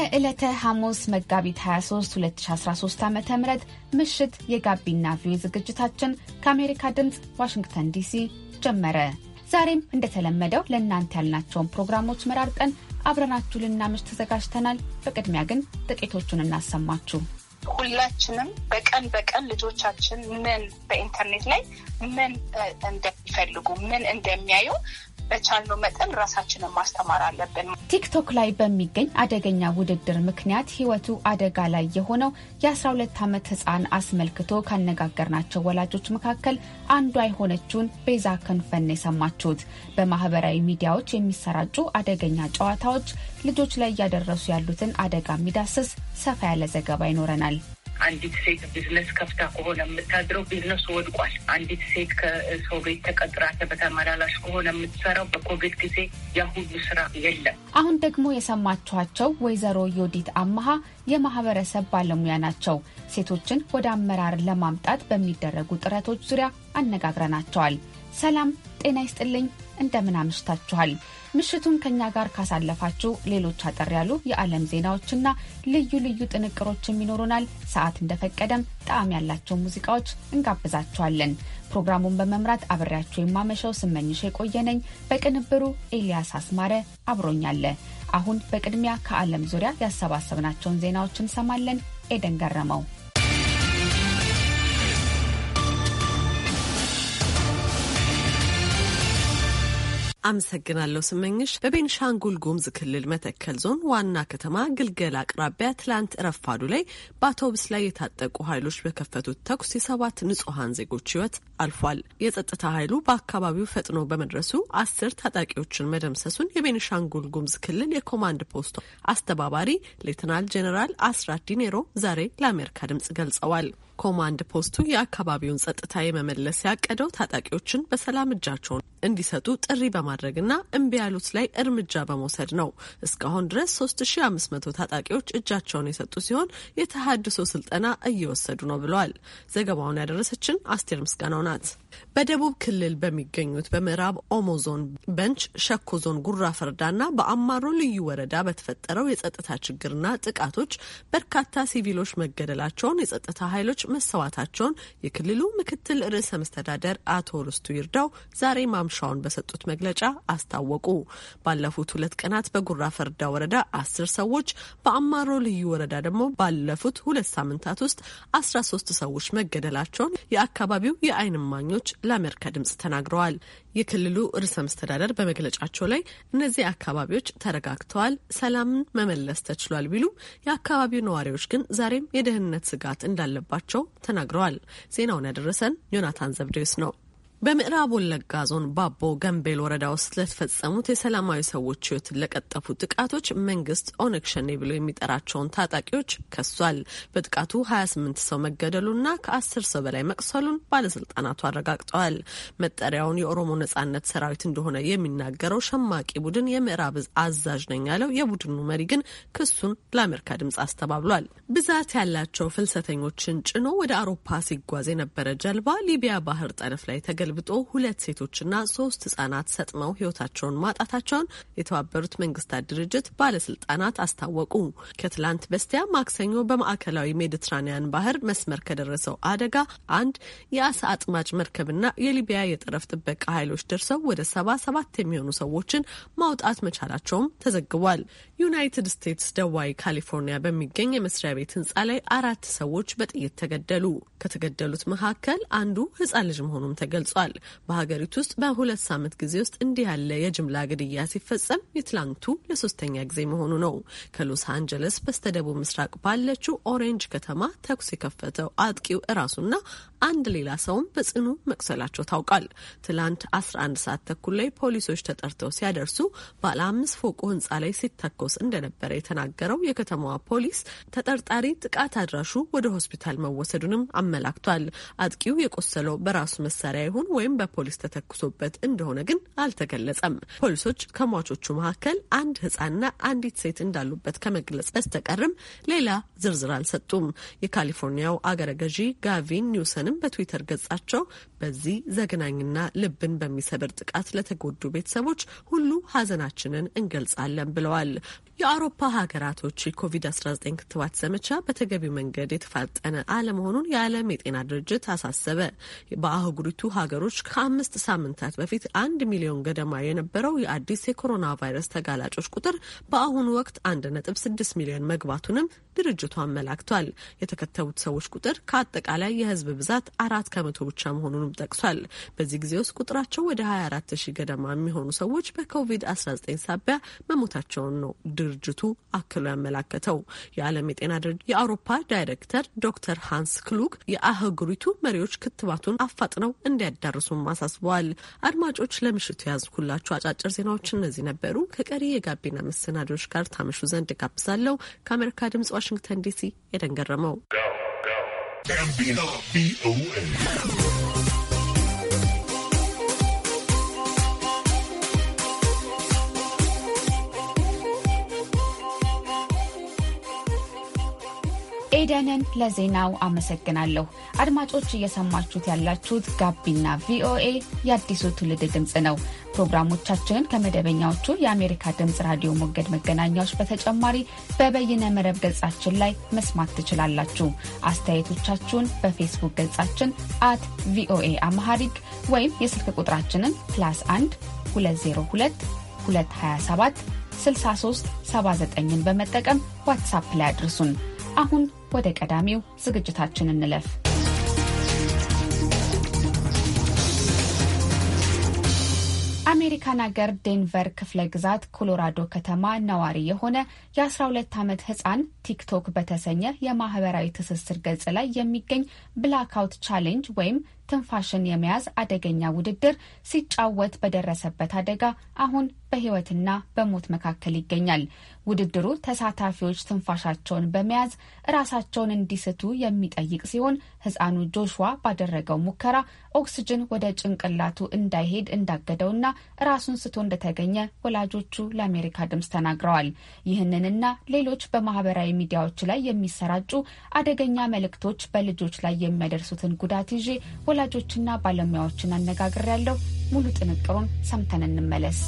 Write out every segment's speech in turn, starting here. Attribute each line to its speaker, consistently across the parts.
Speaker 1: የዕለተ ሐሙስ መጋቢት 23 2013 ዓ ም ምሽት የጋቢና ቪዮ ዝግጅታችን ከአሜሪካ ድምፅ ዋሽንግተን ዲሲ ጀመረ። ዛሬም እንደተለመደው ለእናንተ ያልናቸውን ፕሮግራሞች መራርጠን አብረናችሁ ልናምሽ ተዘጋጅተናል። በቅድሚያ ግን ጥቂቶቹን እናሰማችሁ።
Speaker 2: ሁላችንም በቀን በቀን ልጆቻችን ምን በኢንተርኔት ላይ ምን እንደሚፈልጉ ምን እንደሚያዩ በቻልነው መጠን ራሳችንን ማስተማር አለብን።
Speaker 1: ቲክቶክ ላይ በሚገኝ አደገኛ ውድድር ምክንያት ሕይወቱ አደጋ ላይ የሆነው የ12 ዓመት ሕፃን አስመልክቶ ካነጋገርናቸው ወላጆች መካከል አንዷ የሆነችውን ቤዛ ክንፈን የሰማችሁት። በማህበራዊ ሚዲያዎች የሚሰራጩ አደገኛ ጨዋታዎች ልጆች ላይ እያደረሱ ያሉትን አደጋ የሚዳስስ ሰፋ ያለ ዘገባ ይኖረናል።
Speaker 3: አንዲት ሴት ቢዝነስ ከፍታ ከሆነ የምታድረው ቢዝነሱ ወድቋል። አንዲት ሴት ከሰው ቤት ተቀጥራ በተመላላሽ ከሆነ የምትሰራው በኮቪድ ጊዜ ያ ስራ የለም።
Speaker 1: አሁን ደግሞ የሰማችኋቸው ወይዘሮ ዮዲት አመሃ የማህበረሰብ ባለሙያ ናቸው። ሴቶችን ወደ አመራር ለማምጣት በሚደረጉ ጥረቶች ዙሪያ አነጋግረናቸዋል። ሰላም ጤና ይስጥልኝ። እንደምን አምሽታችኋል? ምሽቱን ከኛ ጋር ካሳለፋችሁ ሌሎች አጠር ያሉ የዓለም ዜናዎችና ልዩ ልዩ ጥንቅሮችም ይኖሩናል። ሰዓት እንደፈቀደም ጣዕም ያላቸው ሙዚቃዎች እንጋብዛችኋለን። ፕሮግራሙን በመምራት አብሬያችሁ የማመሸው ስመኝሽ የቆየነኝ፣ በቅንብሩ ኤልያስ አስማረ አብሮኛለ። አሁን በቅድሚያ ከዓለም ዙሪያ ያሰባሰብናቸውን ዜናዎች እንሰማለን። ኤደን ገረመው
Speaker 4: አመሰግናለሁ ስመኝሽ። በቤንሻንጉል ጉሙዝ ክልል መተከል ዞን ዋና ከተማ ግልገል አቅራቢያ ትላንት ረፋዱ ላይ በአውቶቡስ ላይ የታጠቁ ኃይሎች በከፈቱት ተኩስ የሰባት ንጹሐን ዜጎች ሕይወት አልፏል። የጸጥታ ኃይሉ በአካባቢው ፈጥኖ በመድረሱ አስር ታጣቂዎችን መደምሰሱን የቤንሻንጉል ጉሙዝ ክልል የኮማንድ ፖስቱ አስተባባሪ ሌትናል ጄኔራል አስራት ዲኔሮ ዛሬ ለአሜሪካ ድምጽ ገልጸዋል። ኮማንድ ፖስቱ የአካባቢውን ጸጥታ የመመለስ ያቀደው ታጣቂዎችን በሰላም እጃቸውን እንዲሰጡ ጥሪ በማድረግና እምቢ ያሉት ላይ እርምጃ በመውሰድ ነው። እስካሁን ድረስ 3500 ታጣቂዎች እጃቸውን የሰጡ ሲሆን የተሃድሶ ስልጠና እየወሰዱ ነው ብለዋል። ዘገባውን ያደረሰችን አስቴር ምስጋናው ናት። በደቡብ ክልል በሚገኙት በምዕራብ ኦሞ ዞን በንች፣ ሸኮ ዞን ጉራ ፈርዳና በአማሮ ልዩ ወረዳ በተፈጠረው የጸጥታ ችግርና ጥቃቶች በርካታ ሲቪሎች መገደላቸውን የጸጥታ ኃይሎች መሰዋታቸውን የክልሉ ምክትል ርዕሰ መስተዳደር አቶ ርስቱ ይርዳው ዛሬ ማምሻውን በሰጡት መግለጫ አስታወቁ። ባለፉት ሁለት ቀናት በጉራ ፈርዳ ወረዳ አስር ሰዎች በአማሮ ልዩ ወረዳ ደግሞ ባለፉት ሁለት ሳምንታት ውስጥ አስራ ሶስት ሰዎች መገደላቸውን የአካባቢው የአይንማኞች እማኞች ለአሜሪካ ድምጽ ተናግረዋል። የክልሉ ርዕሰ መስተዳደር በመግለጫቸው ላይ እነዚህ አካባቢዎች ተረጋግተዋል፣ ሰላምን መመለስ ተችሏል ቢሉም የአካባቢው ነዋሪዎች ግን ዛሬም የደህንነት ስጋት እንዳለባቸው ተናግረዋል። ዜናውን ያደረሰን ዮናታን ዘብዴስ ነው። በምዕራብ ወለጋ ዞን ባቦ ገንቤል ወረዳ ውስጥ ለተፈጸሙት የሰላማዊ ሰዎች ህይወት ለቀጠፉ ጥቃቶች መንግስት ኦነግ ሸኔ ብሎ የሚጠራቸውን ታጣቂዎች ከሷል። በጥቃቱ 28 ሰው መገደሉና ከ10 ሰው በላይ መቁሰሉን ባለስልጣናቱ አረጋግጠዋል። መጠሪያውን የኦሮሞ ነጻነት ሰራዊት እንደሆነ የሚናገረው ሸማቂ ቡድን የምዕራብ አዛዥ ነኝ ያለው የቡድኑ መሪ ግን ክሱን ለአሜሪካ ድምጽ አስተባብሏል። ብዛት ያላቸው ፍልሰተኞችን ጭኖ ወደ አውሮፓ ሲጓዝ የነበረ ጀልባ ሊቢያ ባህር ጠረፍ ላይ ተገ ተገልብጦ ሁለት ሴቶችና ሶስት ህጻናት ሰጥመው ህይወታቸውን ማጣታቸውን የተባበሩት መንግስታት ድርጅት ባለስልጣናት አስታወቁ። ከትላንት በስቲያ ማክሰኞ በማዕከላዊ ሜዲትራኒያን ባህር መስመር ከደረሰው አደጋ አንድ የአሳ አጥማጭ መርከብና የሊቢያ የጠረፍ ጥበቃ ኃይሎች ደርሰው ወደ ሰባ ሰባት የሚሆኑ ሰዎችን ማውጣት መቻላቸውም ተዘግቧል። ዩናይትድ ስቴትስ ደዋይ ካሊፎርኒያ በሚገኝ የመስሪያ ቤት ህንጻ ላይ አራት ሰዎች በጥይት ተገደሉ። ከተገደሉት መካከል አንዱ ህጻን ልጅ መሆኑም ተገልጿል። ገልጿል። በሀገሪቱ ውስጥ በሁለት ሳምንት ጊዜ ውስጥ እንዲህ ያለ የጅምላ ግድያ ሲፈጸም የትላንቱ ለሶስተኛ ጊዜ መሆኑ ነው። ከሎስ አንጀለስ በስተደቡብ ምስራቅ ባለችው ኦሬንጅ ከተማ ተኩስ የከፈተው አጥቂው እራሱና አንድ ሌላ ሰውም በጽኑ መቁሰላቸው ታውቋል። ትላንት 11 ሰዓት ተኩል ላይ ፖሊሶች ተጠርተው ሲያደርሱ ባለ አምስት ፎቁ ህንፃ ላይ ሲተኮስ እንደነበረ የተናገረው የከተማዋ ፖሊስ ተጠርጣሪ ጥቃት አድራሹ ወደ ሆስፒታል መወሰዱንም አመላክቷል። አጥቂው የቆሰለው በራሱ መሳሪያ ይሁን ወይም በፖሊስ ተተኩሶበት እንደሆነ ግን አልተገለጸም። ፖሊሶች ከሟቾቹ መካከል አንድ ህጻንና አንዲት ሴት እንዳሉበት ከመግለጽ በስተቀርም ሌላ ዝርዝር አልሰጡም። የካሊፎርኒያው አገረ ገዢ ጋቪን ኒውሰን ራሳቸውንም በትዊተር ገጻቸው በዚህ ዘግናኝና ልብን በሚሰብር ጥቃት ለተጎዱ ቤተሰቦች ሁሉ ሀዘናችንን እንገልጻለን ብለዋል። የአውሮፓ ሀገራቶች የኮቪድ-19 ክትባት ዘመቻ በተገቢው መንገድ የተፋጠነ አለመሆኑን የዓለም የጤና ድርጅት አሳሰበ። በአህጉሪቱ ሀገሮች ከአምስት ሳምንታት በፊት አንድ ሚሊዮን ገደማ የነበረው የአዲስ የኮሮና ቫይረስ ተጋላጮች ቁጥር በአሁኑ ወቅት አንድ ነጥብ ስድስት ሚሊዮን መግባቱንም ድርጅቱ አመላክቷል። የተከተቡት ሰዎች ቁጥር ከአጠቃላይ የህዝብ ብዛት አራት ከመቶ ብቻ መሆኑንም ጠቅሷል። በዚህ ጊዜ ውስጥ ቁጥራቸው ወደ 24 ሺህ ገደማ የሚሆኑ ሰዎች በኮቪድ-19 ሳቢያ መሞታቸውን ነው ድርጅቱ አክሎ ያመላከተው። የዓለም የጤና ድርጅት የአውሮፓ ዳይሬክተር ዶክተር ሃንስ ክሉክ የአህጉሪቱ መሪዎች ክትባቱን አፋጥነው እንዲያዳርሱም አሳስበዋል። አድማጮች ለምሽቱ የያዝኩላችሁ አጫጭር ዜናዎች እነዚህ ነበሩ። ከቀሪ የጋቢና መሰናዶች ጋር ታመሹ ዘንድ ጋብዛለሁ። ከአሜሪካ ድምጽ ዋሽንግተን ዲሲ የደንገረመው
Speaker 1: ኤደንን ለዜናው አመሰግናለሁ። አድማጮች እየሰማችሁት ያላችሁት ጋቢና ቪኦኤ የአዲሱ ትውልድ ድምፅ ነው። ፕሮግራሞቻችንን ከመደበኛዎቹ የአሜሪካ ድምፅ ራዲዮ ሞገድ መገናኛዎች በተጨማሪ በበይነ መረብ ገጻችን ላይ መስማት ትችላላችሁ። አስተያየቶቻችሁን በፌስቡክ ገጻችን አት ቪኦኤ አማሃሪክ ወይም የስልክ ቁጥራችንን ፕላስ 1 202 227 6379ን በመጠቀም ዋትሳፕ ላይ አድርሱን። አሁን ወደ ቀዳሚው ዝግጅታችን እንለፍ። አሜሪካን አገር ዴንቨር ክፍለ ግዛት ኮሎራዶ ከተማ ነዋሪ የሆነ የ12 ዓመት ህፃን ቲክቶክ በተሰኘ የማህበራዊ ትስስር ገጽ ላይ የሚገኝ ብላክአውት ቻሌንጅ ወይም ትንፋሽን የመያዝ አደገኛ ውድድር ሲጫወት በደረሰበት አደጋ አሁን በሕይወትና በሞት መካከል ይገኛል። ውድድሩ ተሳታፊዎች ትንፋሻቸውን በመያዝ ራሳቸውን እንዲስቱ የሚጠይቅ ሲሆን ሕፃኑ ጆሹዋ ባደረገው ሙከራ ኦክስጅን ወደ ጭንቅላቱ እንዳይሄድ እንዳገደውና ራሱን ስቶ እንደተገኘ ወላጆቹ ለአሜሪካ ድምፅ ተናግረዋል። ይህንንና ሌሎች በማህበራዊ ሚዲያዎች ላይ የሚሰራጩ አደገኛ መልእክቶች በልጆች ላይ የሚያደርሱትን ጉዳት ይዤ ወላጆችና ባለሙያዎችን ያለው ሙሉ ጥንቅሩን ሰምተን እንመለስ።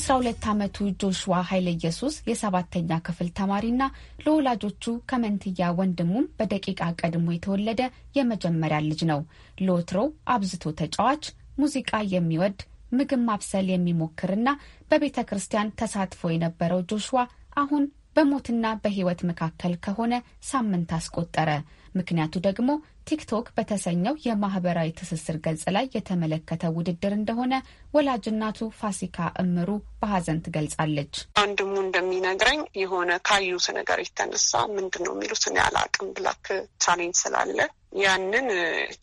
Speaker 1: የ12 ዓመቱ ጆሹዋ ኃይለ ኢየሱስ የሰባተኛ ክፍል ተማሪና ለወላጆቹ ከመንትያ ወንድሙም በደቂቃ ቀድሞ የተወለደ የመጀመሪያ ልጅ ነው። ሎትሮ አብዝቶ ተጫዋች፣ ሙዚቃ የሚወድ ምግብ ማብሰል የሚሞክርና በቤተ ክርስቲያን ተሳትፎ የነበረው ጆሹዋ አሁን በሞትና በሕይወት መካከል ከሆነ ሳምንት አስቆጠረ። ምክንያቱ ደግሞ ቲክቶክ በተሰኘው የማህበራዊ ትስስር ገጽ ላይ የተመለከተ ውድድር እንደሆነ ወላጅናቱ ፋሲካ እምሩ በሀዘን ትገልጻለች።
Speaker 5: አንድሙ እንደሚነግረኝ የሆነ ካዩት ነገር የተነሳ ምንድን ነው የሚሉት እኔ አላቅም ብላክ ቻሌንጅ ስላለ ያንን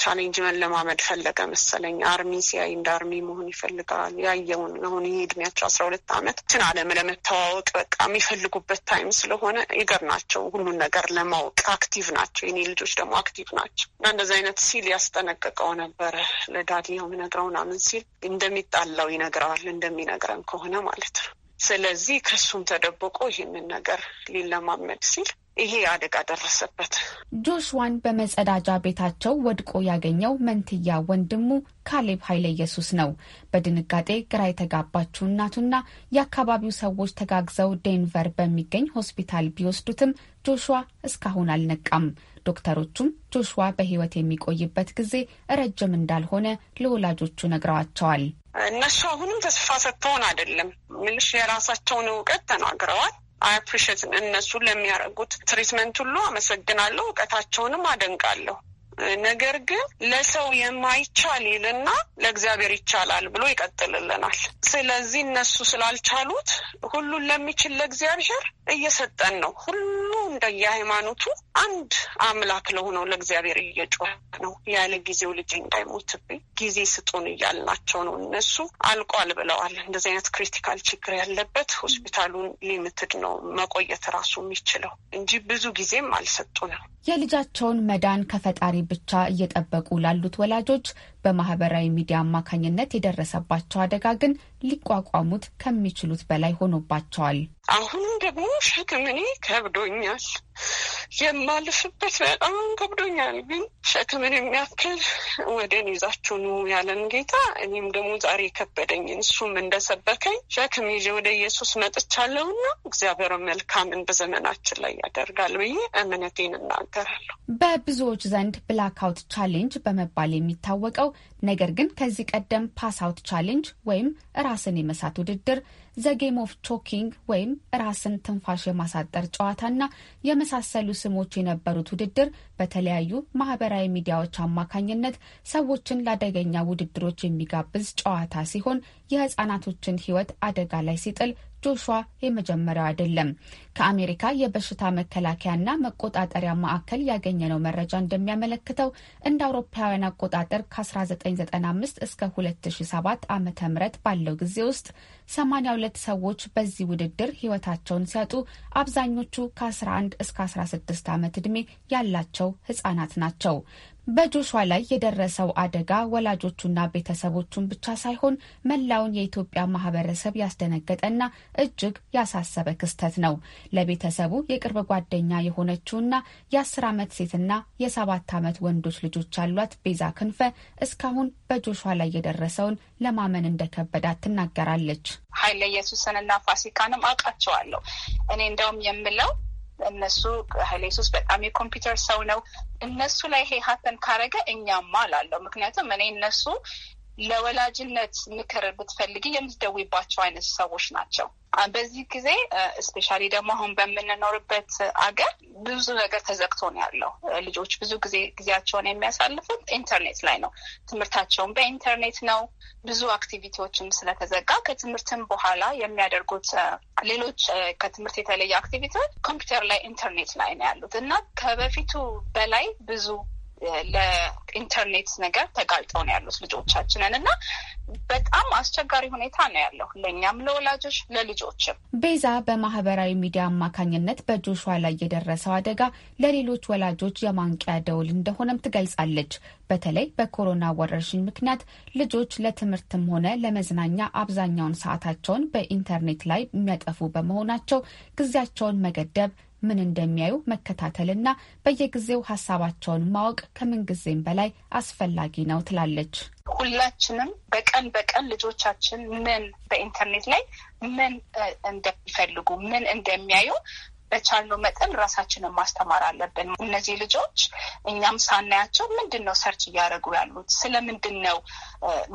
Speaker 5: ቻሌንጅ መለማመድ ፈለገ መሰለኝ። አርሚ ሲያይ እንደ አርሚ መሆን ይፈልጋል። ያየውን አሁን ይህ እድሜያቸው አስራ ሁለት አመት ችን አለም ለመተዋወቅ በቃ የሚፈልጉበት ታይም ስለሆነ ይገር ናቸው ሁሉን ነገር ለማወቅ አክቲቭ ናቸው። የኔ ልጆች ደግሞ አክቲቭ ናቸው እና እንደዚ አይነት ሲል ያስጠነቀቀው ነበረ። ለዳዲ የምነግረው ምናምን ሲል እንደሚጣላው ይነግረዋል እንደሚነግረን ከሆነ ማለት ነው ስለዚህ ከሱም ተደብቆ ይህንን ነገር ሊለማመድ ሲል ይሄ አደጋ ደረሰበት።
Speaker 1: ጆሽዋን በመጸዳጃ ቤታቸው ወድቆ ያገኘው መንትያ ወንድሙ ካሌብ ኃይለ ኢየሱስ ነው። በድንጋጤ ግራ የተጋባችው እናቱና የአካባቢው ሰዎች ተጋግዘው ዴንቨር በሚገኝ ሆስፒታል ቢወስዱትም ጆሹዋ እስካሁን አልነቃም። ዶክተሮቹም ጆሹዋ በህይወት የሚቆይበት ጊዜ ረጅም እንዳልሆነ ለወላጆቹ ነግረዋቸዋል።
Speaker 5: እነሱ አሁንም ተስፋ ሰጥተውን አይደለም ምልሽ የራሳቸውን እውቀት ተናግረዋል። አይፕሪሽት እነሱ ለሚያደርጉት ትሪትመንት ሁሉ አመሰግናለሁ፣ እውቀታቸውንም አደንቃለሁ። ነገር ግን ለሰው የማይቻል ይልና ለእግዚአብሔር ይቻላል ብሎ ይቀጥልልናል። ስለዚህ እነሱ ስላልቻሉት ሁሉን ለሚችል ለእግዚአብሔር እየሰጠን ነው። ሁሉ እንደየሃይማኖቱ አንድ አምላክ ለሆነው ለእግዚአብሔር እየጮ ነው። ያለ ጊዜው ልጅ እንዳይሞትብኝ ጊዜ ስጡን እያልናቸው ነው። እነሱ አልቋል ብለዋል። እንደዚህ አይነት ክሪቲካል ችግር ያለበት ሆስፒታሉን
Speaker 1: ሊምትድ ነው መቆየት ራሱ የሚችለው እንጂ ብዙ ጊዜም ነው። የልጃቸውን መዳን ከፈጣሪ ብቻ እየጠበቁ ላሉት ወላጆች በማህበራዊ ሚዲያ አማካኝነት የደረሰባቸው አደጋ ግን ሊቋቋሙት ከሚችሉት በላይ ሆኖባቸዋል።
Speaker 5: አሁን ደግሞ ሸክም እኔ ከብዶኛል፣ የማልፍበት በጣም ከብዶኛል። ግን ሸክምን የሚያክል ወደን ይዛችሁ ኑ ያለን ጌታ እኔም ደግሞ ዛሬ ከበደኝ፣ እሱም እንደሰበከኝ ሸክም ይዤ ወደ ኢየሱስ መጥቻለሁና እግዚአብሔር መልካምን በዘመናችን ላይ ያደርጋል ብዬ እምነቴን እናገራለሁ።
Speaker 1: በብዙዎች ዘንድ ብላክአውት ቻሌንጅ በመባል የሚታወቀው ነገር ግን ከዚህ ቀደም ፓስ አውት ቻሌንጅ ወይም ራስን የመሳት ውድድር፣ ዘጌም ኦፍ ቾኪንግ ወይም ራስን ትንፋሽ የማሳጠር ጨዋታና የመሳሰሉ ስሞች የነበሩት ውድድር በተለያዩ ማህበራዊ ሚዲያዎች አማካኝነት ሰዎችን ለአደገኛ ውድድሮች የሚጋብዝ ጨዋታ ሲሆን የህጻናቶችን ህይወት አደጋ ላይ ሲጥል ጆሹዋ የመጀመሪያው አይደለም። ከአሜሪካ የበሽታ መከላከያና መቆጣጠሪያ ማዕከል ያገኘነው መረጃ እንደሚያመለክተው እንደ አውሮፓውያን አቆጣጠር ከ1995 እስከ 2007 ዓ ም ባለው ጊዜ ውስጥ 82 ሰዎች በዚህ ውድድር ህይወታቸውን ሲያጡ አብዛኞቹ ከ11 እስከ 16 ዓመት ዕድሜ ያላቸው ህጻናት ናቸው። በጆሿ ላይ የደረሰው አደጋ ወላጆቹና ቤተሰቦቹን ብቻ ሳይሆን መላውን የኢትዮጵያ ማህበረሰብ ያስደነገጠና እጅግ ያሳሰበ ክስተት ነው። ለቤተሰቡ የቅርብ ጓደኛ የሆነችውና የአስር ዓመት ሴትና የሰባት ዓመት ወንዶች ልጆች ያሏት ቤዛ ክንፈ እስካሁን በጆሿ ላይ የደረሰውን ለማመን እንደከበዳት ትናገራለች።
Speaker 2: ኃይለ ኢየሱስንና ፋሲካንም አውቃቸዋለሁ እኔ እንደውም የምለው እነሱ ኃይሌ ሶስት በጣም የኮምፒውተር ሰው ነው። እነሱ ላይ ይሄ ካረገ እኛማ አላለው። ምክንያቱም እኔ እነሱ ለወላጅነት ምክር ብትፈልጊ የምትደውይባቸው አይነት ሰዎች ናቸው። በዚህ ጊዜ እስፔሻሊ ደግሞ አሁን በምንኖርበት አገር ብዙ ነገር ተዘግቶ ነው ያለው። ልጆች ብዙ ጊዜ ጊዜያቸውን የሚያሳልፉት ኢንተርኔት ላይ ነው። ትምህርታቸውን በኢንተርኔት ነው። ብዙ አክቲቪቲዎችም ስለተዘጋ ከትምህርትም በኋላ የሚያደርጉት ሌሎች ከትምህርት የተለየ አክቲቪቲዎች ኮምፒውተር ላይ ኢንተርኔት ላይ ነው ያሉት እና ከበፊቱ በላይ ብዙ ለኢንተርኔት ነገር ተጋልጠው ነው ያሉት ልጆቻችንን እና በጣም አስቸጋሪ ሁኔታ ነው ያለው ለእኛም ለወላጆች ለልጆችም።
Speaker 1: ቤዛ በማህበራዊ ሚዲያ አማካኝነት በጆሹዋ ላይ የደረሰው አደጋ ለሌሎች ወላጆች የማንቂያ ደውል እንደሆነም ትገልጻለች። በተለይ በኮሮና ወረርሽኝ ምክንያት ልጆች ለትምህርትም ሆነ ለመዝናኛ አብዛኛውን ሰዓታቸውን በኢንተርኔት ላይ የሚያጠፉ በመሆናቸው ጊዜያቸውን መገደብ ምን እንደሚያዩ መከታተልና በየጊዜው ሀሳባቸውን ማወቅ ከምንጊዜም በላይ አስፈላጊ ነው ትላለች።
Speaker 2: ሁላችንም በቀን በቀን ልጆቻችን ምን በኢንተርኔት ላይ ምን እንደሚፈልጉ ምን እንደሚያዩ በቻልነው መጠን ራሳችንን ማስተማር አለብን። እነዚህ ልጆች እኛም ሳናያቸው ምንድን ነው ሰርች እያደረጉ ያሉት ስለ ምንድን ነው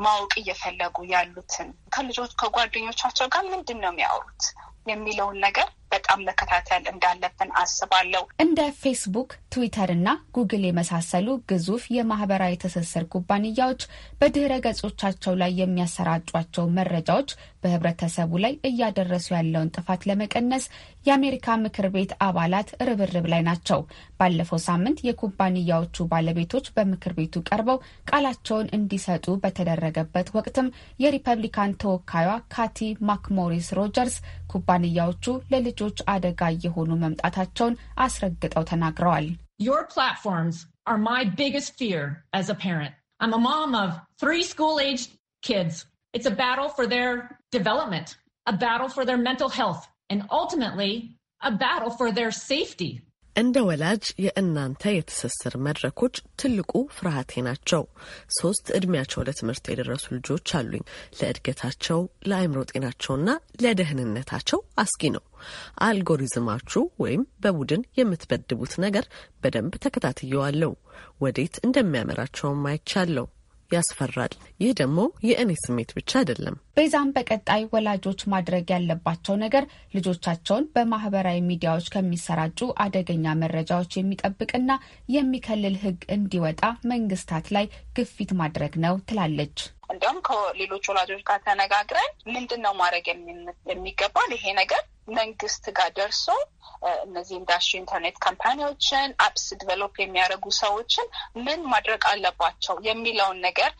Speaker 2: ማወቅ እየፈለጉ ያሉትን ከልጆች ከጓደኞቻቸው ጋር ምንድን ነው የሚያወሩት የሚለውን ነገር በጣም መከታተል እንዳለብን አስባለሁ።
Speaker 1: እንደ ፌስቡክ፣ ትዊተር እና ጉግል የመሳሰሉ ግዙፍ የማህበራዊ ትስስር ኩባንያዎች በድህረ ገጾቻቸው ላይ የሚያሰራጯቸው መረጃዎች በህብረተሰቡ ላይ እያደረሱ ያለውን ጥፋት ለመቀነስ የአሜሪካ ምክር ቤት አባላት ርብርብ ላይ ናቸው። ባለፈው ሳምንት የኩባንያዎቹ ባለቤቶች በምክር ቤቱ ቀርበው ቃላቸውን እንዲሰጡ በተደረገበት ወቅትም የሪፐብሊካን ተወካዩ ካቲ ማክሞሪስ ሮጀርስ ኩባንያዎቹ ለልጆች አደጋ እየሆኑ መምጣታቸውን አስረግጠው ተናግረዋል።
Speaker 5: Your platforms are my biggest fear as a parent. I'm a mom of three school-aged kids. It's a battle for their development, a battle for their mental health, and ultimately a battle for their safety.
Speaker 4: እንደ ወላጅ የእናንተ የትስስር መድረኮች ትልቁ ፍርሃቴ ናቸው። ሶስት እድሜያቸው ለትምህርት የደረሱ ልጆች አሉኝ። ለእድገታቸው፣ ለአእምሮ ጤናቸውና ለደህንነታቸው አስጊ ነው። አልጎሪዝማችሁ ወይም በቡድን የምትበድቡት ነገር በደንብ ተከታትየዋለው። ወዴት እንደሚያመራቸውም አይቻለው። ያስፈራል። ይህ ደግሞ የእኔ ስሜት ብቻ አይደለም።
Speaker 1: ቤዛም በቀጣይ ወላጆች ማድረግ ያለባቸው ነገር ልጆቻቸውን በማህበራዊ ሚዲያዎች ከሚሰራጩ አደገኛ መረጃዎች የሚጠብቅና የሚከልል ሕግ እንዲወጣ መንግስታት ላይ ግፊት ማድረግ ነው ትላለች።
Speaker 2: እንዲሁም ከሌሎች ወላጆች ጋር ተነጋግረን ምንድን ነው ማድረግ የሚገባል ይሄ ነገር መንግስት ጋር ደርሶ እነዚህ ኢንዳስትሪ ኢንተርኔት ካምፓኒዎችን አፕስ ዲቨሎፕ የሚያደርጉ ሰዎችን ምን ማድረግ አለባቸው የሚለውን ነገር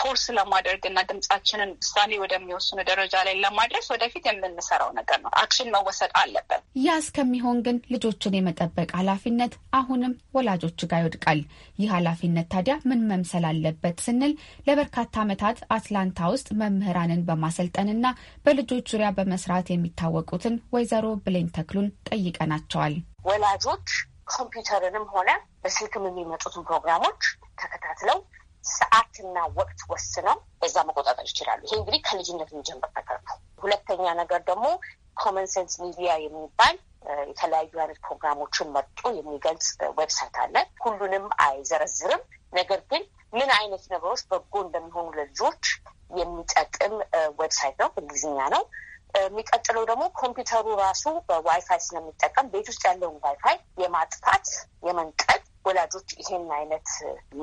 Speaker 2: ፎርስ ለማድረግ እና ድምጻችንን ውሳኔ ወደሚወስኑ ደረጃ ላይ ለማድረስ ወደፊት የምንሰራው ነገር ነው። አክሽን መወሰድ አለበት።
Speaker 1: ያ እስከሚሆን ግን ልጆችን የመጠበቅ ኃላፊነት አሁንም ወላጆች ጋር ይወድቃል። ይህ ኃላፊነት ታዲያ ምን መምሰል አለበት ስንል ለበርካታ ዓመታት አትላንታ ውስጥ መምህራንን በማሰልጠንና በልጆች ዙሪያ በመስራት የሚታወቁትን ወይዘሮ ብሌን ተክሉን ጠይቀናቸዋል።
Speaker 6: ወላጆች ኮምፒውተርንም ሆነ በስልክም የሚመጡትን ፕሮግራሞች ተከታትለው ሰዓትና ወቅት ወስነው በዛ መቆጣጠር ይችላሉ። ይሄ እንግዲህ ከልጅነት የሚጀምር ነገር ነው። ሁለተኛ ነገር ደግሞ ኮመን ሴንስ ሚዲያ የሚባል የተለያዩ አይነት ፕሮግራሞችን መርጦ የሚገልጽ ዌብሳይት አለ። ሁሉንም አይዘረዝርም። ነገር ግን ምን አይነት ነገሮች በጎ እንደሚሆኑ ለልጆች የሚጠቅም ዌብሳይት ነው። እንግሊዝኛ ነው። የሚቀጥለው ደግሞ ኮምፒውተሩ ራሱ በዋይፋይ ስለሚጠቀም ቤት ውስጥ ያለውን ዋይፋይ የማጥፋት የመንቀል ወላጆች ይሄን አይነት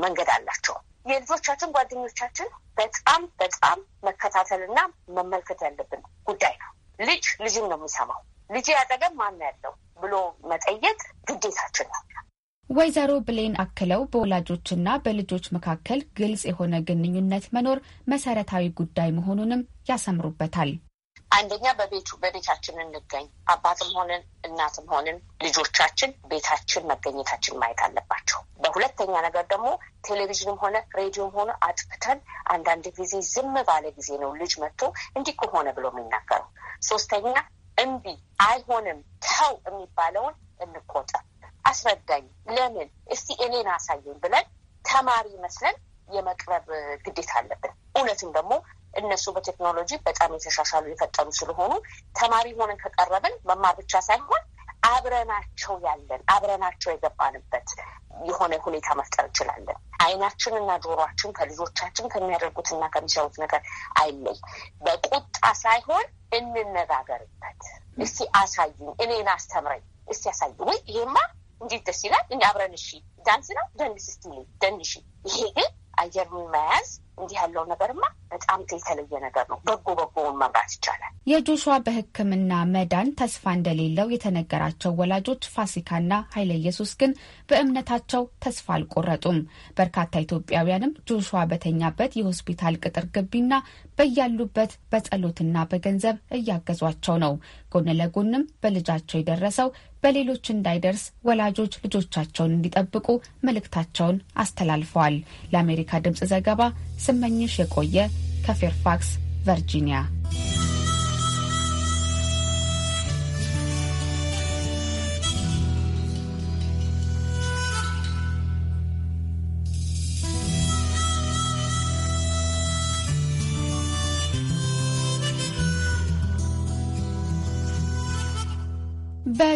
Speaker 6: መንገድ አላቸው። የልጆቻችን ጓደኞቻችን በጣም በጣም መከታተልና መመልከት ያለብን ጉዳይ ነው። ልጅ ልጅን ነው የሚሰማው። ልጅ ያጠገብ ማን ያለው ብሎ መጠየቅ
Speaker 1: ግዴታችን ነው። ወይዘሮ ብሌን አክለው በወላጆችና በልጆች መካከል ግልጽ የሆነ ግንኙነት መኖር መሰረታዊ ጉዳይ መሆኑንም ያሰምሩበታል።
Speaker 6: አንደኛ በቤቱ በቤታችን እንገኝ። አባትም ሆንን እናትም ሆንን ልጆቻችን ቤታችን መገኘታችን ማየት አለባቸው። በሁለተኛ ነገር ደግሞ ቴሌቪዥንም ሆነ ሬዲዮም ሆነ አጥፍተን አንዳንድ ጊዜ ዝም ባለ ጊዜ ነው ልጅ መጥቶ እንዲህ ከሆነ ብሎ የሚናገረው። ሶስተኛ እምቢ፣ አይሆንም፣ ተው የሚባለውን እንቆጠር። አስረዳኝ፣ ለምን እስቲ እኔን አሳየኝ ብለን ተማሪ መስለን የመቅረብ ግዴታ አለብን። እውነትም ደግሞ እነሱ በቴክኖሎጂ በጣም የተሻሻሉ የፈጠኑ ስለሆኑ ተማሪ ሆነን ከቀረብን መማር ብቻ ሳይሆን አብረናቸው ያለን አብረናቸው የገባንበት የሆነ ሁኔታ መፍጠር እንችላለን። አይናችንና ጆሯችን ከልጆቻችን ከሚያደርጉትና ከሚሰሩት ነገር አይለይ። በቁጣ ሳይሆን እንነጋገርበት። እስቲ አሳዩኝ፣ እኔን አስተምረኝ፣ እስቲ አሳዩ። ወይ ይሄማ እንዴት ደስ ይላል! አብረን እሺ፣ ዳንስ ነው ደንስ፣ ስቲ ደንሽ። ይሄ ግን አየር መያዝ እንዲህ ያለው ነገርማ በጣም የተለየ ነገር ነው። በጎ በጎውን መምራት ይቻላል።
Speaker 1: የጆሹዋ በሕክምና መዳን ተስፋ እንደሌለው የተነገራቸው ወላጆች ፋሲካና ኃይለ ኢየሱስ ግን በእምነታቸው ተስፋ አልቆረጡም። በርካታ ኢትዮጵያውያንም ጆሹዋ በተኛበት የሆስፒታል ቅጥር ግቢና በያሉበት በጸሎትና በገንዘብ እያገዟቸው ነው። ጎን ለጎንም በልጃቸው የደረሰው በሌሎች እንዳይደርስ ወላጆች ልጆቻቸውን እንዲጠብቁ መልእክታቸውን አስተላልፈዋል። ለአሜሪካ ድምጽ ዘገባ ስመኝሽ የቆየ ከፌርፋክስ ቨርጂኒያ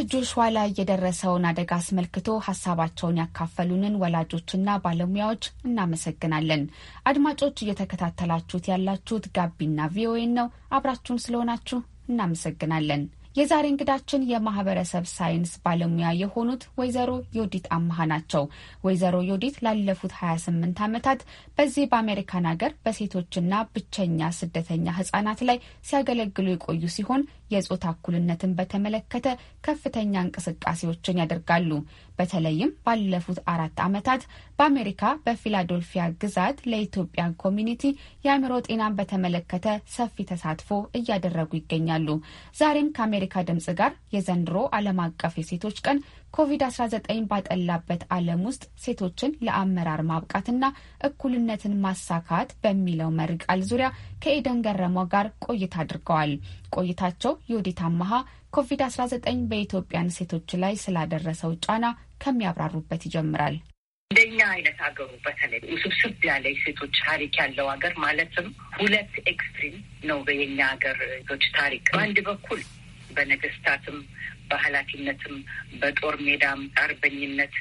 Speaker 1: በጆሹዋ ላይ የደረሰውን አደጋ አስመልክቶ ሀሳባቸውን ያካፈሉንን ወላጆችና ባለሙያዎች እናመሰግናለን። አድማጮች እየተከታተላችሁት ያላችሁት ጋቢና ቪኦኤ ነው። አብራችሁን ስለሆናችሁ እናመሰግናለን። የዛሬ እንግዳችን የማህበረሰብ ሳይንስ ባለሙያ የሆኑት ወይዘሮ ዮዲት አማሃ ናቸው። ወይዘሮ ዮዲት ላለፉት 28 ዓመታት በዚህ በአሜሪካን ሀገር በሴቶችና ብቸኛ ስደተኛ ህጻናት ላይ ሲያገለግሉ የቆዩ ሲሆን የጾታ እኩልነትን በተመለከተ ከፍተኛ እንቅስቃሴዎችን ያደርጋሉ። በተለይም ባለፉት አራት ዓመታት በአሜሪካ በፊላዶልፊያ ግዛት ለኢትዮጵያ ኮሚኒቲ የአእምሮ ጤናን በተመለከተ ሰፊ ተሳትፎ እያደረጉ ይገኛሉ። ዛሬም ከአሜሪካ ድምጽ ጋር የዘንድሮ ዓለም አቀፍ የሴቶች ቀን ኮቪድ-19 ባጠላበት ዓለም ውስጥ ሴቶችን ለአመራር ማብቃትና እኩልነትን ማሳካት በሚለው መሪ ቃል ዙሪያ ከኤደን ገረመው ጋር ቆይታ አድርገዋል። ቆይታቸው የወዴት አመሃ ኮቪድ-19 በኢትዮጵያን ሴቶች ላይ ስላደረሰው ጫና ከሚያብራሩበት ይጀምራል።
Speaker 3: እንደኛ አይነት ሀገሩ በተለይ ውስብስብ ያለ ሴቶች ታሪክ ያለው ሀገር ማለትም ሁለት ኤክስትሪም ነው በየኛ ሀገር ሴቶች ታሪክ በአንድ በኩል በነገስታትም በኃላፊነትም በጦር ሜዳም አርበኝነት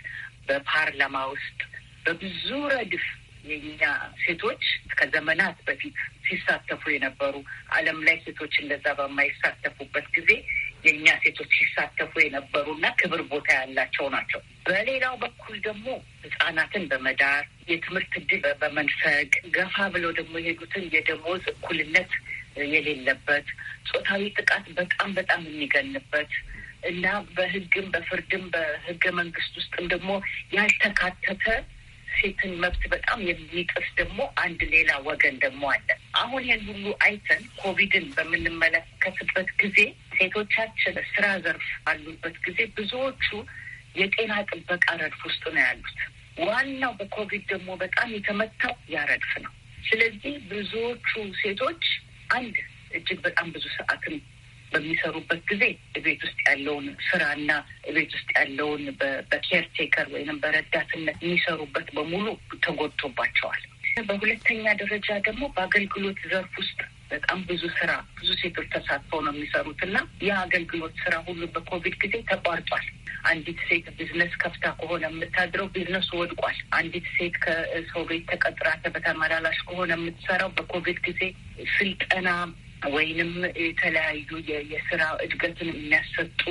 Speaker 3: በፓርላማ ውስጥ በብዙ ረድፍ የኛ ሴቶች ከዘመናት በፊት ሲሳተፉ የነበሩ ዓለም ላይ ሴቶች እንደዛ በማይሳተፉበት ጊዜ የእኛ ሴቶች ሲሳተፉ የነበሩና ክብር ቦታ ያላቸው ናቸው። በሌላው በኩል ደግሞ ህጻናትን በመዳር የትምህርት እድል በመንፈግ ገፋ ብለው ደግሞ የሄዱትን የደሞዝ እኩልነት የሌለበት ጾታዊ ጥቃት በጣም በጣም የሚገንበት እና በህግም በፍርድም በህገ መንግስት ውስጥም ደግሞ ያልተካተተ ሴትን መብት በጣም የሚጥስ ደግሞ አንድ ሌላ ወገን ደግሞ አለ። አሁን ይህን ሁሉ አይተን ኮቪድን በምንመለከትበት ጊዜ ሴቶቻችን ስራ ዘርፍ ባሉበት ጊዜ ብዙዎቹ የጤና ጥበቃ ረድፍ ውስጥ ነው ያሉት። ዋናው በኮቪድ ደግሞ በጣም የተመታው ያረድፍ ረድፍ ነው። ስለዚህ ብዙዎቹ ሴቶች አንድ እጅግ በጣም ብዙ ሰዓትን በሚሰሩበት ጊዜ ቤት ውስጥ ያለውን ስራና ቤት ውስጥ ያለውን በኬርቴከር ወይም በረዳትነት የሚሰሩበት በሙሉ ተጎድቶባቸዋል። በሁለተኛ ደረጃ ደግሞ በአገልግሎት ዘርፍ ውስጥ በጣም ብዙ ስራ ብዙ ሴቶች ተሳትፈው ነው የሚሰሩት እና ያ አገልግሎት ስራ ሁሉ በኮቪድ ጊዜ ተቋርጧል። አንዲት ሴት ቢዝነስ ከፍታ ከሆነ የምታድረው ቢዝነሱ ወድቋል። አንዲት ሴት ከሰው ቤት ተቀጥራ በተመላላሽ ከሆነ የምትሰራው በኮቪድ ጊዜ ስልጠና ወይንም የተለያዩ የስራ እድገትን የሚያሰጡ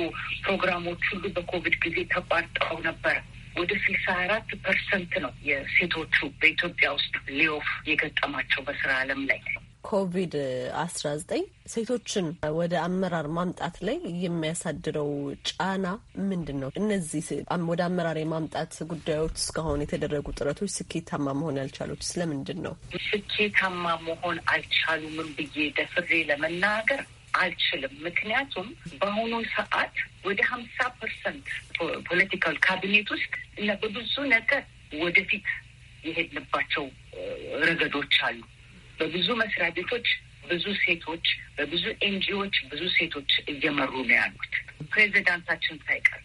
Speaker 3: ፕሮግራሞች ሁሉ በኮቪድ ጊዜ ተቋርጠው ነበር። ወደ ስልሳ አራት ፐርሰንት ነው የሴቶቹ በኢትዮጵያ ውስጥ ሌኦፍ
Speaker 4: የገጠማቸው በስራ አለም ላይ ኮቪድ አስራ ዘጠኝ ሴቶችን ወደ አመራር ማምጣት ላይ የሚያሳድረው ጫና ምንድን ነው? እነዚህ ወደ አመራር የማምጣት ጉዳዮች እስካሁን የተደረጉ ጥረቶች ስኬታማ መሆን ያልቻሉት ስለምንድን ነው?
Speaker 3: ስኬታማ መሆን አልቻሉም ብዬ ደፍሬ ለመናገር አልችልም። ምክንያቱም በአሁኑ ሰዓት ወደ ሀምሳ ፐርሰንት ፖለቲካል ካቢኔት ውስጥ እና በብዙ ነገር ወደፊት የሄድንባቸው ረገዶች አሉ በብዙ መስሪያ ቤቶች ብዙ ሴቶች በብዙ ኤንጂኦዎች ብዙ ሴቶች እየመሩ ነው ያሉት ፕሬዚዳንታችን ሳይቀር።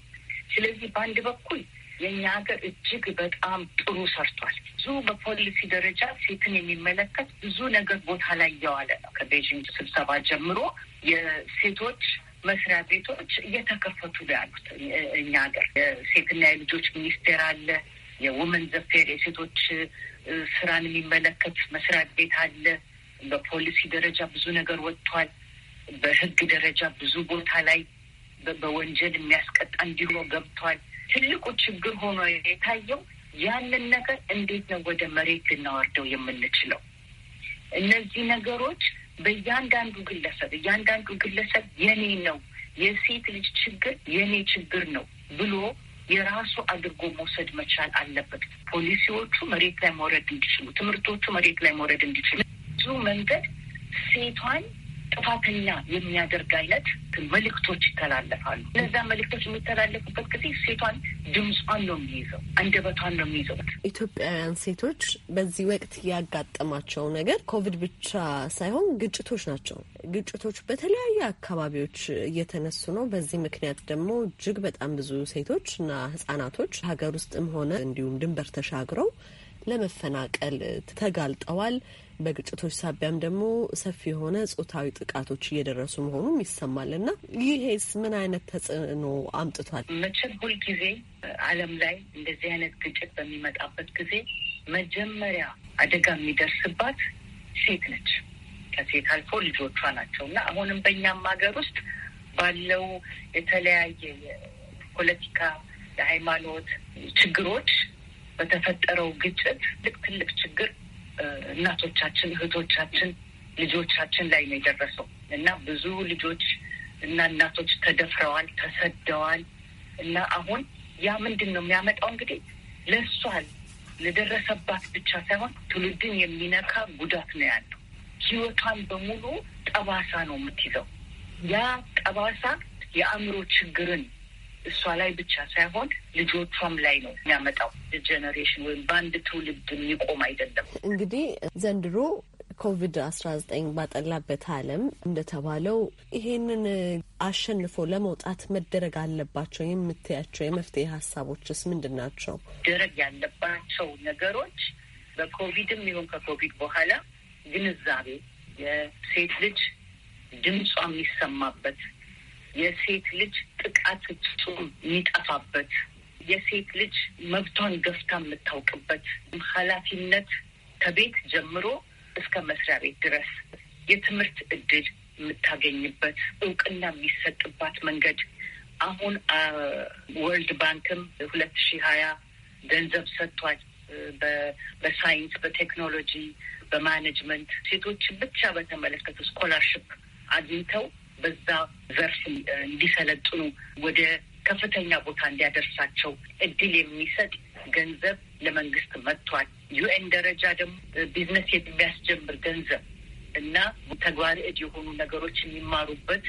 Speaker 3: ስለዚህ በአንድ በኩል የእኛ ሀገር እጅግ በጣም ጥሩ ሰርቷል። ብዙ በፖሊሲ ደረጃ ሴትን የሚመለከት ብዙ ነገር ቦታ ላይ እየዋለ ነው። ከቤጂንግ ስብሰባ ጀምሮ የሴቶች መስሪያ ቤቶች እየተከፈቱ ነው ያሉት። እኛ ሀገር የሴትና የልጆች ሚኒስቴር አለ። የውመን ዘፌር የሴቶች ስራን የሚመለከት መስሪያ ቤት አለ። በፖሊሲ ደረጃ ብዙ ነገር ወጥቷል። በህግ ደረጃ ብዙ ቦታ ላይ በወንጀል የሚያስቀጣ እንዲሁ ገብቷል። ትልቁ ችግር ሆኖ የታየው ያንን ነገር እንዴት ነው ወደ መሬት ልናወርደው የምንችለው? እነዚህ ነገሮች በእያንዳንዱ ግለሰብ እያንዳንዱ ግለሰብ የኔ ነው የሴት ልጅ ችግር የኔ ችግር ነው ብሎ የራሱ አድርጎ መውሰድ መቻል አለበት። ፖሊሲዎቹ መሬት ላይ መውረድ እንዲችሉ፣ ትምህርቶቹ መሬት ላይ መውረድ እንዲችሉ ብዙ መንገድ ሴቷን ጥፋተኛ የሚያደርግ አይነት መልእክቶች ይተላለፋሉ። እነዛ መልእክቶች የሚተላለፉበት ጊዜ ሴቷን ድምጿን ነው የሚይዘው፣ አንደበቷን ነው የሚይዘው።
Speaker 4: ኢትዮጵያውያን ሴቶች በዚህ ወቅት ያጋጠማቸው ነገር ኮቪድ ብቻ ሳይሆን ግጭቶች ናቸው። ግጭቶች በተለያዩ አካባቢዎች እየተነሱ ነው። በዚህ ምክንያት ደግሞ እጅግ በጣም ብዙ ሴቶች እና ህጻናቶች ሀገር ውስጥም ሆነ እንዲሁም ድንበር ተሻግረው ለመፈናቀል ተጋልጠዋል። በግጭቶች ሳቢያም ደግሞ ሰፊ የሆነ ጾታዊ ጥቃቶች እየደረሱ መሆኑም ይሰማል እና ይሄስ ምን አይነት ተጽዕኖ አምጥቷል?
Speaker 3: መቼም ሁልጊዜ ዓለም ላይ እንደዚህ አይነት ግጭት በሚመጣበት ጊዜ መጀመሪያ አደጋ የሚደርስባት ሴት ነች። ከሴት አልፎ ልጆቿ ናቸው እና አሁንም በእኛም ሀገር ውስጥ ባለው የተለያየ የፖለቲካ የሃይማኖት ችግሮች በተፈጠረው ግጭት ትልቅ ትልቅ ችግር እናቶቻችን፣ እህቶቻችን፣ ልጆቻችን ላይ ነው የደረሰው እና ብዙ ልጆች እና እናቶች ተደፍረዋል፣ ተሰደዋል እና አሁን ያ ምንድን ነው የሚያመጣው እንግዲህ ለእሷል ለደረሰባት ብቻ ሳይሆን ትውልድን የሚነካ ጉዳት ነው ያለው። ህይወቷን በሙሉ ጠባሳ ነው የምትይዘው። ያ ጠባሳ የአእምሮ ችግርን እሷ ላይ ብቻ ሳይሆን ልጆቿም ላይ ነው የሚያመጣው። ጀኔሬሽን ወይም በአንድ ትውልድ የሚቆም አይደለም።
Speaker 4: እንግዲህ ዘንድሮ ኮቪድ አስራ ዘጠኝ ባጠላበት ዓለም እንደተባለው ይሄንን አሸንፎ ለመውጣት መደረግ አለባቸው የምትያቸው የመፍትሄ ሀሳቦችስ ምንድን ናቸው?
Speaker 3: መደረግ ያለባቸው ነገሮች በኮቪድም ይሁን ከኮቪድ በኋላ ግንዛቤ የሴት ልጅ ድምጿ የሚሰማበት የሴት ልጅ ጥቃት ፍጹም የሚጠፋበት የሴት ልጅ መብቷን ገፍታ የምታውቅበት ኃላፊነት ከቤት ጀምሮ እስከ መስሪያ ቤት ድረስ የትምህርት እድል የምታገኝበት እውቅና የሚሰጥባት መንገድ አሁን ወርልድ ባንክም ሁለት ሺ ሀያ ገንዘብ ሰጥቷል። በሳይንስ በቴክኖሎጂ፣ በማኔጅመንት ሴቶችን ብቻ በተመለከቱ ስኮላርሽፕ አግኝተው በዛ ዘርፍ እንዲሰለጥኑ ወደ ከፍተኛ ቦታ እንዲያደርሳቸው እድል የሚሰጥ ገንዘብ ለመንግስት መጥቷል። ዩኤን ደረጃ ደግሞ ቢዝነስ የሚያስጀምር ገንዘብ እና ተግባር እድ የሆኑ ነገሮች የሚማሩበት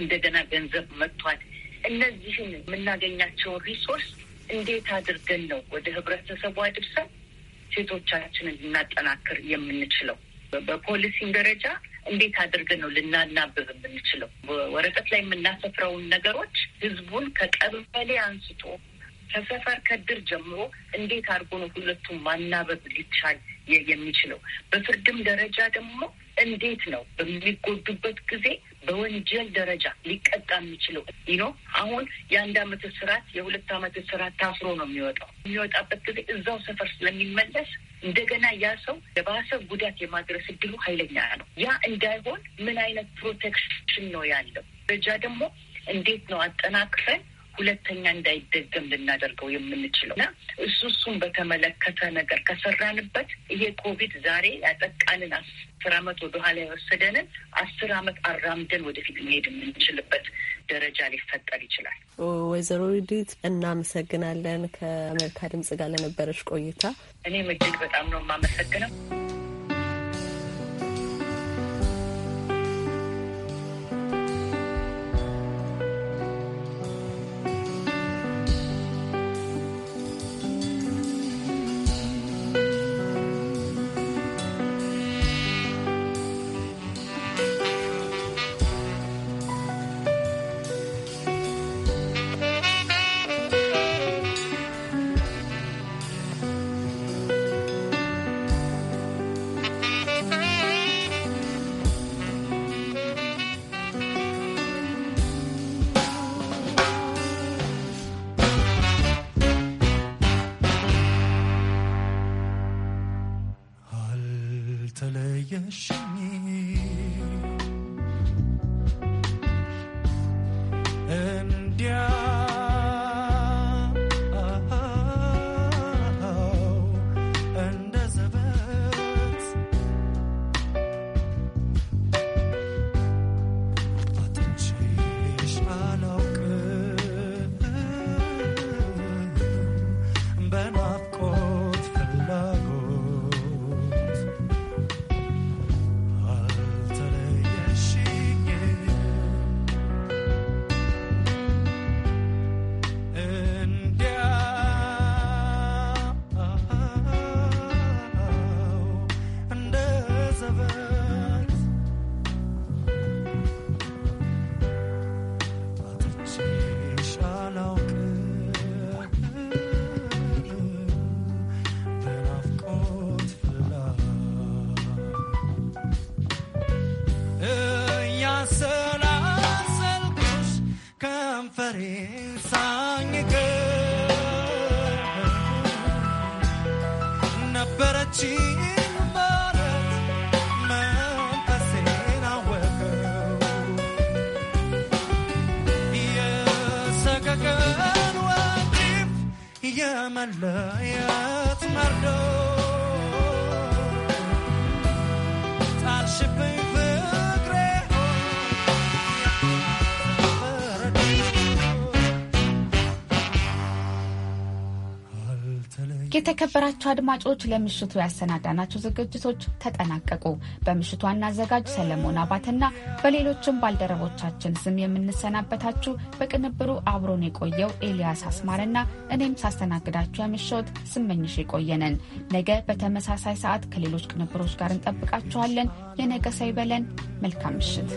Speaker 3: እንደገና ገንዘብ መጥቷል። እነዚህን የምናገኛቸውን ሪሶርስ እንዴት አድርገን ነው ወደ ህብረተሰቡ አድርሰን ሴቶቻችንን ልናጠናክር የምንችለው? በፖሊሲም ደረጃ እንዴት አድርገን ነው ልናናብብ የምንችለው? ወረቀት ላይ የምናሰፍረውን ነገሮች ህዝቡን ከቀበሌ አንስቶ ከሰፈር ከድር ጀምሮ እንዴት አድርጎ ነው ሁለቱም ማናበብ ሊቻል የሚችለው? በፍርድም ደረጃ ደግሞ እንዴት ነው በሚጎዱበት ጊዜ በወንጀል ደረጃ ሊቀጣ የሚችለው ይኖ አሁን የአንድ አመት እስራት የሁለት አመት እስራት ታስሮ ነው የሚወጣው። የሚወጣበት ጊዜ እዛው ሰፈር ስለሚመለስ እንደገና ያ ሰው ለባሰ ጉዳት የማድረስ እድሉ ኃይለኛ ነው። ያ እንዳይሆን ምን አይነት ፕሮቴክሽን ነው ያለው? ደረጃ ደግሞ እንዴት ነው አጠናክረን ሁለተኛ እንዳይደገም ልናደርገው የምንችለው እና እሱ እሱን በተመለከተ ነገር ከሰራንበት ይሄ ኮቪድ ዛሬ ያጠቃንን አስር አመት ወደኋላ የወሰደንን አስር አመት አራምደን ወደፊት መሄድ የምንችልበት ደረጃ ሊፈጠር ይችላል።
Speaker 4: ወይዘሮ ዲት እናመሰግናለን። ከአሜሪካ ድምጽ ጋር ለነበረች ቆይታ
Speaker 3: እኔም እጅግ በጣም ነው የማመሰግነው።
Speaker 4: 错乐也是你。
Speaker 1: የተከበራቸው አድማጮች ለምሽቱ ያሰናዳናቸው ዝግጅቶች ተጠናቀቁ። በምሽቱ ዋና አዘጋጅ ሰለሞን አባትና በሌሎችም ባልደረቦቻችን ስም የምንሰናበታችሁ በቅንብሩ አብሮን የቆየው ኤልያስ አስማርና እኔም ሳስተናግዳችሁ ያመሸሁት ስመኝሽ የቆየነን። ነገ በተመሳሳይ ሰዓት ከሌሎች ቅንብሮች ጋር እንጠብቃችኋለን። የነገ ሰው ይበለን። መልካም ምሽት።